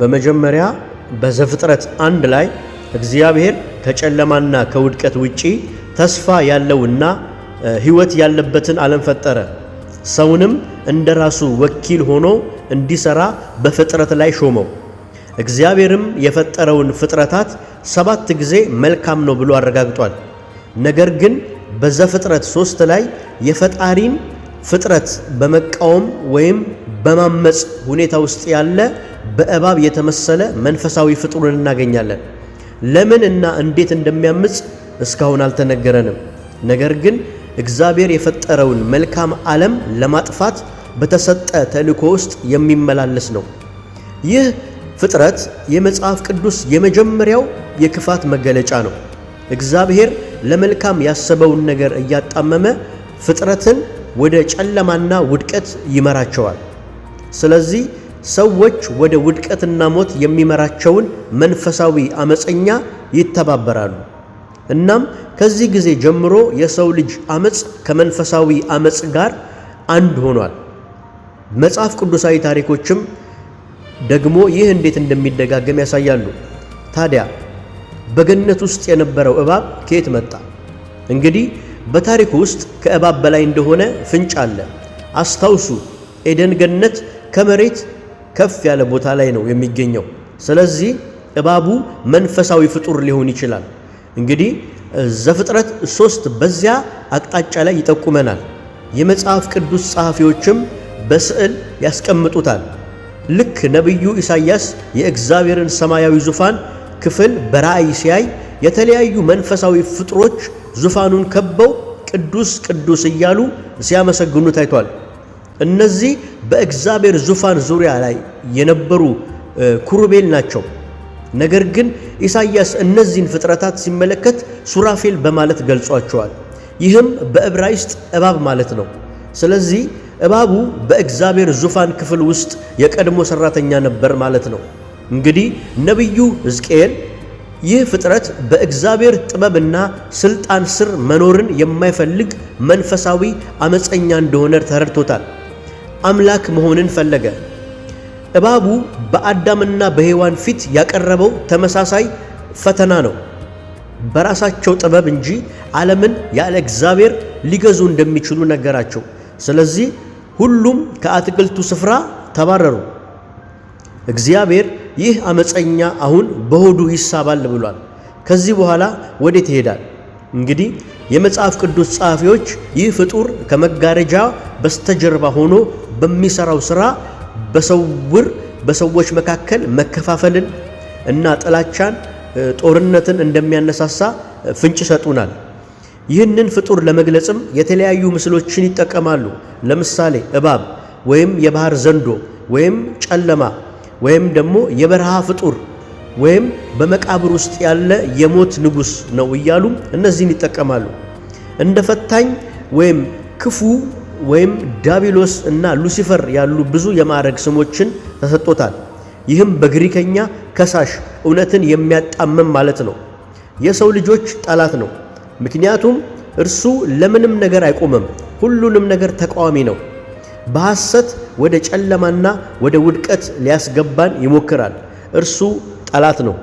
በመጀመሪያ በዘፍጥረት አንድ ላይ እግዚአብሔር ከጨለማና ከውድቀት ውጪ ተስፋ ያለውና ሕይወት ያለበትን ዓለም ፈጠረ። ሰውንም እንደ ራሱ ወኪል ሆኖ እንዲሰራ በፍጥረት ላይ ሾመው። እግዚአብሔርም የፈጠረውን ፍጥረታት ሰባት ጊዜ መልካም ነው ብሎ አረጋግጧል። ነገር ግን በዘፍጥረት ሶስት ላይ የፈጣሪን ፍጥረት በመቃወም ወይም በማመፅ ሁኔታ ውስጥ ያለ በእባብ የተመሰለ መንፈሳዊ ፍጡርን እናገኛለን። ለምን እና እንዴት እንደሚያምጽ እስካሁን አልተነገረንም። ነገር ግን እግዚአብሔር የፈጠረውን መልካም ዓለም ለማጥፋት በተሰጠ ተልእኮ ውስጥ የሚመላለስ ነው። ይህ ፍጥረት የመጽሐፍ ቅዱስ የመጀመሪያው የክፋት መገለጫ ነው። እግዚአብሔር ለመልካም ያሰበውን ነገር እያጣመመ ፍጥረትን ወደ ጨለማና ውድቀት ይመራቸዋል። ስለዚህ ሰዎች ወደ ውድቀትና ሞት የሚመራቸውን መንፈሳዊ አመፀኛ ይተባበራሉ። እናም ከዚህ ጊዜ ጀምሮ የሰው ልጅ አመፅ ከመንፈሳዊ አመፅ ጋር አንድ ሆኗል። መጽሐፍ ቅዱሳዊ ታሪኮችም ደግሞ ይህ እንዴት እንደሚደጋገም ያሳያሉ። ታዲያ በገነት ውስጥ የነበረው እባብ ከየት መጣ? እንግዲህ በታሪኩ ውስጥ ከእባብ በላይ እንደሆነ ፍንጭ አለ። አስታውሱ፣ ኤደን ገነት ከመሬት ከፍ ያለ ቦታ ላይ ነው የሚገኘው። ስለዚህ እባቡ መንፈሳዊ ፍጡር ሊሆን ይችላል። እንግዲህ ዘፍጥረት ሶስት በዚያ አቅጣጫ ላይ ይጠቁመናል። የመጽሐፍ ቅዱስ ጸሐፊዎችም በስዕል ያስቀምጡታል። ልክ ነቢዩ ኢሳይያስ የእግዚአብሔርን ሰማያዊ ዙፋን ክፍል በራእይ ሲያይ የተለያዩ መንፈሳዊ ፍጡሮች ዙፋኑን ከበው ቅዱስ ቅዱስ እያሉ ሲያመሰግኑ ታይቷል። እነዚህ በእግዚአብሔር ዙፋን ዙሪያ ላይ የነበሩ ኩሩቤል ናቸው። ነገር ግን ኢሳይያስ እነዚህን ፍጥረታት ሲመለከት ሱራፌል በማለት ገልጿቸዋል። ይህም በዕብራይስጥ እባብ ማለት ነው። ስለዚህ እባቡ በእግዚአብሔር ዙፋን ክፍል ውስጥ የቀድሞ ሰራተኛ ነበር ማለት ነው። እንግዲህ ነቢዩ ሕዝቅኤል ይህ ፍጥረት በእግዚአብሔር ጥበብና ስልጣን ስር መኖርን የማይፈልግ መንፈሳዊ አመፀኛ እንደሆነ ተረድቶታል። አምላክ መሆንን ፈለገ። እባቡ በአዳምና በሔዋን ፊት ያቀረበው ተመሳሳይ ፈተና ነው። በራሳቸው ጥበብ እንጂ ዓለምን ያለ እግዚአብሔር ሊገዙ እንደሚችሉ ነገራቸው። ስለዚህ ሁሉም ከአትክልቱ ስፍራ ተባረሩ። እግዚአብሔር ይህ አመፀኛ አሁን በሆዱ ይሳባል ብሏል። ከዚህ በኋላ ወዴት ይሄዳል? እንግዲህ የመጽሐፍ ቅዱስ ጸሐፊዎች ይህ ፍጡር ከመጋረጃ በስተጀርባ ሆኖ በሚሰራው ስራ በሰውር በሰዎች መካከል መከፋፈልን እና ጥላቻን፣ ጦርነትን እንደሚያነሳሳ ፍንጭ ይሰጡናል። ይህንን ፍጡር ለመግለጽም የተለያዩ ምስሎችን ይጠቀማሉ። ለምሳሌ እባብ ወይም የባህር ዘንዶ ወይም ጨለማ ወይም ደግሞ የበረሃ ፍጡር ወይም በመቃብር ውስጥ ያለ የሞት ንጉሥ ነው እያሉ እነዚህን ይጠቀማሉ። እንደ ፈታኝ ወይም ክፉ ወይም ዳቢሎስ እና ሉሲፈር ያሉ ብዙ የማዕረግ ስሞችን ተሰጥቶታል። ይህም በግሪከኛ ከሳሽ፣ እውነትን የሚያጣምም ማለት ነው። የሰው ልጆች ጠላት ነው። ምክንያቱም እርሱ ለምንም ነገር አይቆምም፣ ሁሉንም ነገር ተቃዋሚ ነው። በሐሰት ወደ ጨለማና ወደ ውድቀት ሊያስገባን ይሞክራል። እርሱ ጠላት ነው።